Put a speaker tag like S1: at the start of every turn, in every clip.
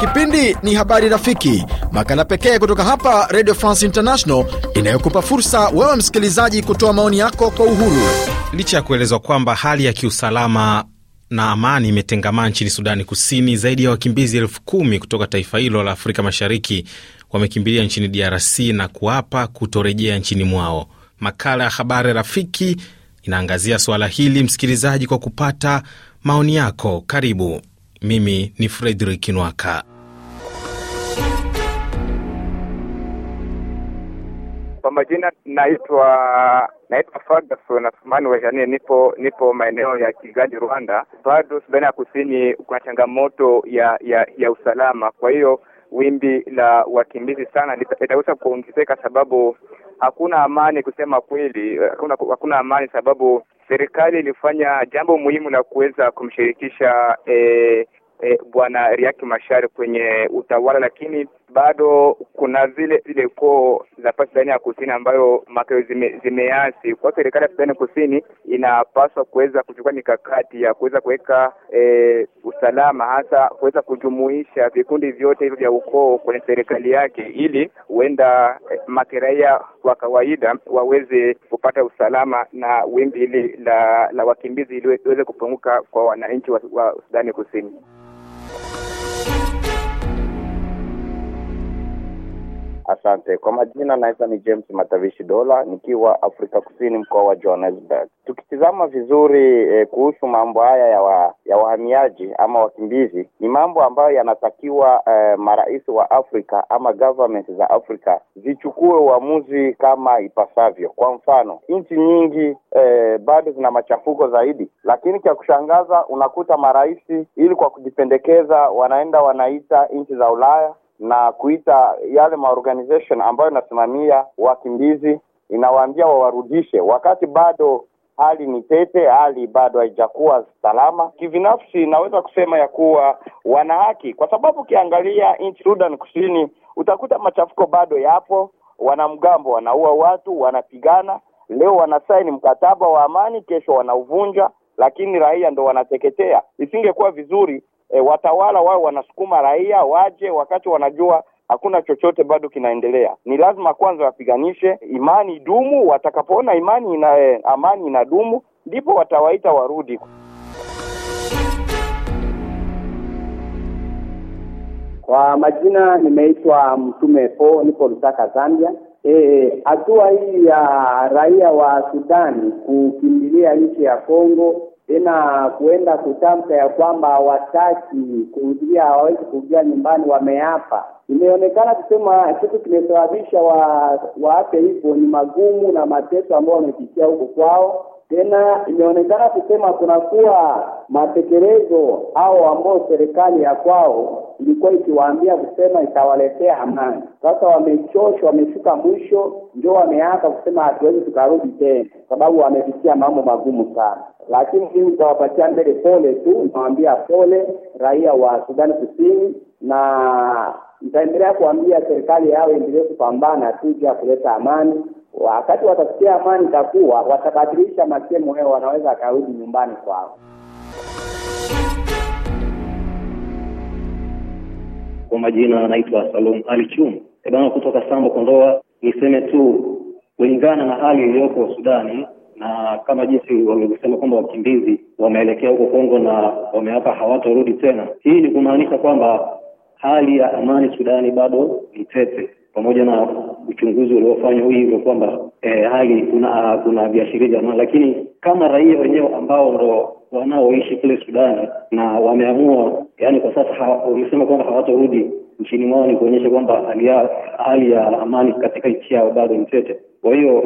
S1: Kipindi ni Habari Rafiki, makala pekee kutoka hapa Radio France International inayokupa fursa wewe msikilizaji kutoa maoni yako kwa uhuru. Licha ya kuelezwa kwamba hali ya kiusalama na amani imetengamaa nchini Sudani Kusini, zaidi ya wakimbizi elfu kumi kutoka taifa hilo la Afrika Mashariki wamekimbilia nchini DRC na kuapa kutorejea nchini mwao. Makala ya Habari Rafiki inaangazia suala hili, msikilizaji, kwa kupata maoni yako. Karibu. Mimi ni Fredrik Nwaka.
S2: Kwa majina naitwa naitwa Ferguson Asumani Wejanie, nipo nipo maeneo ya Kigali, Rwanda. Bado Sudani ya Kusini kuna changamoto ya ya ya usalama, kwa hiyo wimbi la wakimbizi sana litaweza kuongezeka, sababu hakuna amani. Kusema kweli, hakuna, hakuna amani sababu serikali ilifanya jambo muhimu la kuweza kumshirikisha eh, eh, bwana Riaki Mashari kwenye utawala, lakini bado kuna zile zile koo za pa Sudani ya Kusini ambayo makao zime, zimeasi kwa serikali ya Sudani Kusini inapaswa kuweza kuchukua mikakati ya kuweza kuweka e, usalama hasa kuweza kujumuisha vikundi vyote hivyo vya ukoo kwenye serikali yake, ili huenda e, makiraia wa kawaida waweze kupata usalama na wimbi hili la, la wakimbizi liweze kupunguka kwa wananchi wa, wa Sudani Kusini. Asante kwa majina, naitwa ni James Matavishi Dola, nikiwa Afrika Kusini, mkoa wa Johannesburg. Tukitizama vizuri eh, kuhusu mambo haya ya, wa, ya wahamiaji ama wakimbizi, ni mambo ambayo yanatakiwa eh, marais wa Afrika ama government za Afrika zichukue uamuzi kama ipasavyo. Kwa mfano, nchi nyingi eh, bado zina machafuko zaidi, lakini cha kushangaza unakuta marahisi ili kwa kujipendekeza wanaenda wanaita nchi za Ulaya na kuita yale maorganization ambayo inasimamia wakimbizi, inawaambia wawarudishe wakati bado hali ni tete, hali bado haijakuwa salama. Kibinafsi naweza kusema ya kuwa wana haki, kwa sababu ukiangalia nchi Sudan Kusini utakuta machafuko bado yapo, wanamgambo wanaua watu, wanapigana. Leo wanasaini mkataba wa amani, kesho wanauvunja, lakini raia ndo wanateketea. Isingekuwa vizuri e, watawala wao wanasukuma raia waje wakati wanajua hakuna chochote bado kinaendelea. Ni lazima kwanza wapiganishe imani dumu. Watakapoona imani ina, eh, amani ina dumu, ndipo watawaita warudi.
S3: Kwa majina nimeitwa Mtume Po, niko Lusaka, Zambia. Eh, hatua e, hii ya raia wa Sudani kukimbilia nchi ya Kongo tena kuenda kutamka ya kwamba hawataki kuingia, hawawezi kuingia nyumbani, wameapa. Imeonekana kusema kitu kimesababisha waape wa hivyo ni magumu na mateso ambayo wamepitia huko kwao tena imeonekana kusema kunakuwa matekelezo au ambao serikali ya kwao ilikuwa ikiwaambia kusema itawaletea amani. Sasa wamechoshwa, wamefika mwisho, ndio wameanza kusema hatuwezi tukarudi tena, sababu wamepitia mambo magumu sana. Lakini mimi nitawapatia mbele pole tu, nawaambia pole raia wa Sudani Kusini na nitaendelea kuambia serikali yao endelee kupambana tu juu ya kuleta amani Wakati watasikia amani takuwa, watabadilisha masemo hayo, wanaweza akarudi nyumbani kwao. Kwa majina anaitwa Salum Ali Chum kutoka Sambo Kondoa. Niseme tu kulingana na hali iliyoko Sudani na kama jinsi walivyosema kwamba wakimbizi wameelekea huko Kongo na wameapa hawatarudi tena, hii ni kumaanisha kwamba hali ya amani Sudani bado ni tete pamoja na uchunguzi uliofanywa hivyo kwamba e, hali kuna kuna viashiria vya amani, lakini kama raia wenyewe ambao ndo wanaoishi kule Sudani na wameamua yani, kwa sasa wamesema kwamba hawatarudi nchini mwao, ni kuonyesha kwamba hali ya amani katika nchi yao bado ni tete. Kwa hiyo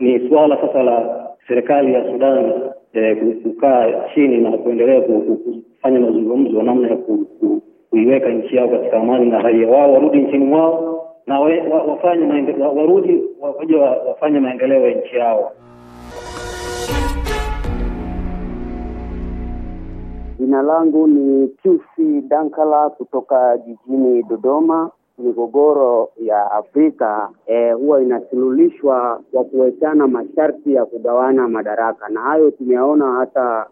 S3: ni suala sasa la serikali ya Sudani e, eh, kukaa chini na kuendelea kufanya mazungumzo namna ya ku, ku, kuiweka nchi yao katika amani na raia wao warudi nchini mwao na wafanye warudi waje wafanye maendeleo ya nchi yao. Jina langu ni QC Dankala kutoka jijini Dodoma. Migogoro ya Afrika e, huwa inasuluhishwa kwa kuwekana masharti ya kugawana madaraka, na hayo tumeyaona hata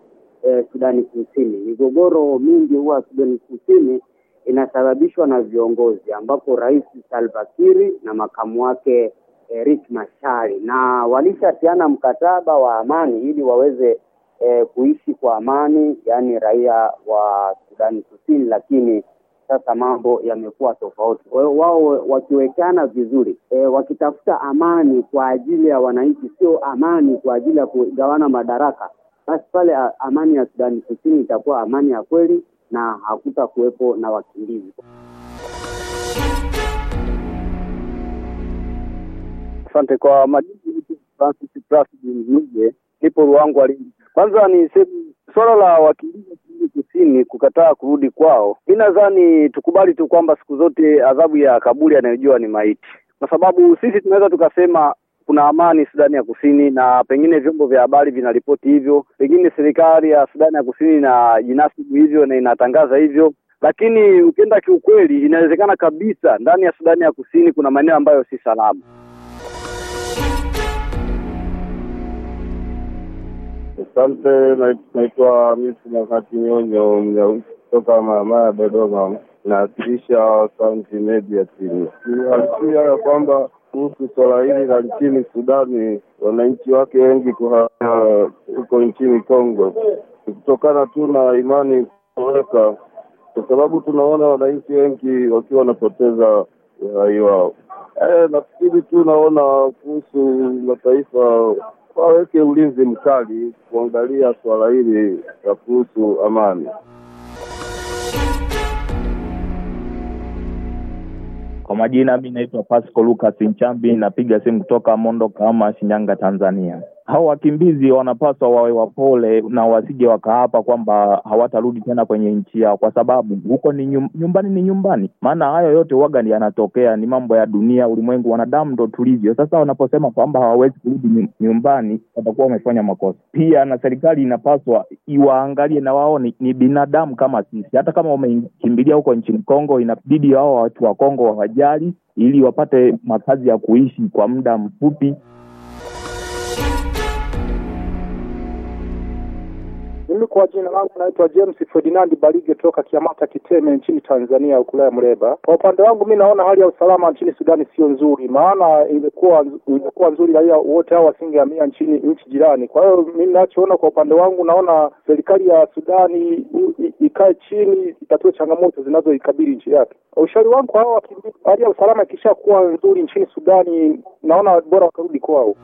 S3: e, Sudani Kusini. Migogoro mingi huwa Sudani Kusini inasababishwa na viongozi ambapo Rais Salva Kiir na makamu wake eh, Riek Machar na walishatiana mkataba wa amani ili waweze eh, kuishi kwa amani, yaani raia wa Sudani Kusini, lakini sasa mambo yamekuwa tofauti. Kwa hiyo wao wakiwekana vizuri e, wakitafuta amani kwa ajili ya wananchi, sio amani kwa ajili ya kugawana madaraka, basi pale amani ya Sudani Kusini itakuwa amani ya kweli na hakutakuwepo na wakimbizi. Asante kwa majibu. Francis Mnuge nipo Ruangwa. Kwanza ni swala la wakimbizi kusini kukataa kurudi kwao, mi nadhani tukubali tu kwamba siku zote adhabu ya kaburi anayojua ni maiti, kwa sababu sisi tunaweza tukasema kuna amani Sudani ya Kusini, na pengine vyombo vya habari vinaripoti hivyo, pengine serikali ya Sudani ya Kusini na jinasibu hivyo na inatangaza hivyo lakini ukienda kiukweli, inawezekana kabisa ndani ya Sudani ya Kusini kuna maeneo ambayo si salama. Asante, naitwa Misinakati
S2: Nyonyo kutoka Mamaya, Dodoma, nawakilisha Sauti Media timu. Niwasikia ya kwamba kuhusu swala hili la nchini Sudani, wananchi wake wengi kuhaa huko nchini Kongo, kutokana tu na imani kutoweka, kwa sababu tunaona wananchi wengi wakiwa wanapoteza uhai wao. E, nafikiri tu naona kuhusu mataifa waweke ulinzi mkali kuangalia swala hili la kuhusu amani. Kwa majina, mi naitwa Pasco Lucas Nchambi, napiga simu kutoka Mondo kama Shinyanga, Tanzania hao wakimbizi wanapaswa wawe wapole na wasije wakaapa kwamba hawatarudi tena kwenye nchi yao, kwa sababu huko ni nyum, nyumbani ni nyumbani. Maana hayo yote waga ni yanatokea, ni mambo ya dunia, ulimwengu, wanadamu ndo tulivyo. Sasa wanaposema kwamba hawawezi kurudi nyumbani, watakuwa wamefanya makosa. Pia na serikali inapaswa iwaangalie na wao ni, ni binadamu kama sisi. Hata kama wamekimbilia huko nchini Kongo, inabidi wao watu wa Kongo wawajali ili wapate makazi ya kuishi kwa muda mfupi.
S3: Mimi kwa jina langu
S2: naitwa James Ferdinand Barige toka Kiamata Kiteme nchini Tanzania, ukulaya mreba Kwa upande wangu mi naona hali ya usalama nchini Sudani sio nzuri, maana imekuwa imekuwa nzuri raia wote hao wasingehamia nchini nchi jirani. Kwa hiyo mimi nachoona kwa upande wangu, naona serikali ya Sudani ikae chini, itatue changamoto zinazoikabili nchi yake. Ushauri wangu kwa hao wakimbizi, hali ya usalama ikishakuwa nzuri nchini Sudani, naona bora wakarudi kwao.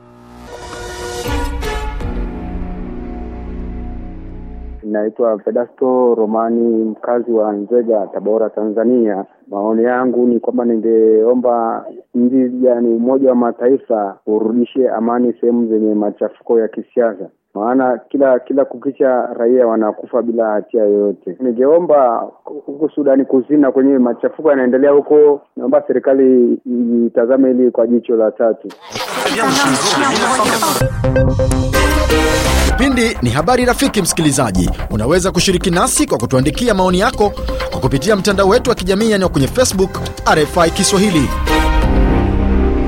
S3: inaitwa Vedasto Romani, mkazi wa Nzega, Tabora, Tanzania. Maoni yangu ni
S2: kwamba ningeomba nchi, yani Umoja wa Mataifa urudishe amani sehemu zenye machafuko ya kisiasa, maana kila kila kukicha raia wanakufa bila hatia yoyote. Ningeomba huku Sudani Kusini na kwenye machafuko yanaendelea huko, naomba serikali itazame hili kwa jicho la tatu.
S1: Kipindi ni habari rafiki. Msikilizaji, unaweza kushiriki nasi kwa kutuandikia maoni yako kwa kupitia mtandao wetu wa kijamii yaani kwenye Facebook RFI Kiswahili.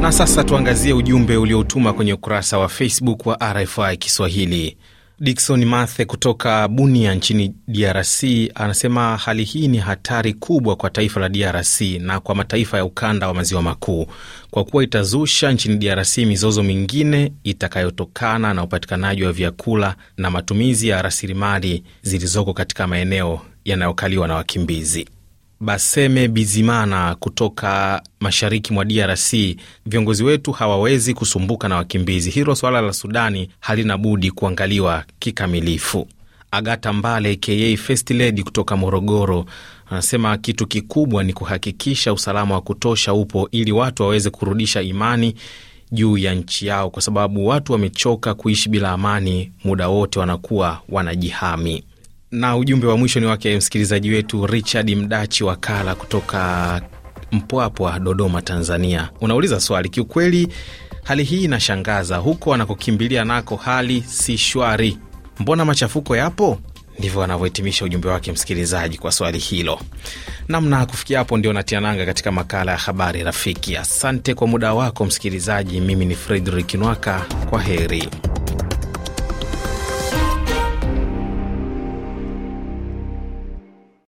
S1: Na sasa tuangazie ujumbe ulioutuma kwenye ukurasa wa Facebook wa RFI Kiswahili dikson Mathe kutoka Bunia nchini DRC anasema hali hii ni hatari kubwa kwa taifa la DRC na kwa mataifa ya ukanda wa maziwa makuu, kwa kuwa itazusha nchini DRC mizozo mingine itakayotokana na upatikanaji wa vyakula na matumizi ya rasilimali zilizoko katika maeneo yanayokaliwa na wakimbizi. Baseme Bizimana kutoka mashariki mwa DRC, viongozi wetu hawawezi kusumbuka na wakimbizi. Hilo suala la Sudani halina budi kuangaliwa kikamilifu. Agata Mbale ka Festlady kutoka Morogoro anasema kitu kikubwa ni kuhakikisha usalama wa kutosha upo ili watu waweze kurudisha imani juu ya nchi yao, kwa sababu watu wamechoka kuishi bila amani, muda wote wanakuwa wanajihami na ujumbe wa mwisho ni wake msikilizaji wetu Richard Mdachi Wakala kutoka Mpwapwa, Dodoma, Tanzania. Unauliza swali, kiukweli hali hii inashangaza. Huko wanakokimbilia nako hali si shwari, mbona machafuko yapo? Ndivyo anavyohitimisha ujumbe wake msikilizaji kwa swali hilo. Namna kufikia hapo, ndio natia nanga katika makala ya habari rafiki. Asante kwa muda wako msikilizaji. Mimi ni Fredrik Nwaka, kwa heri.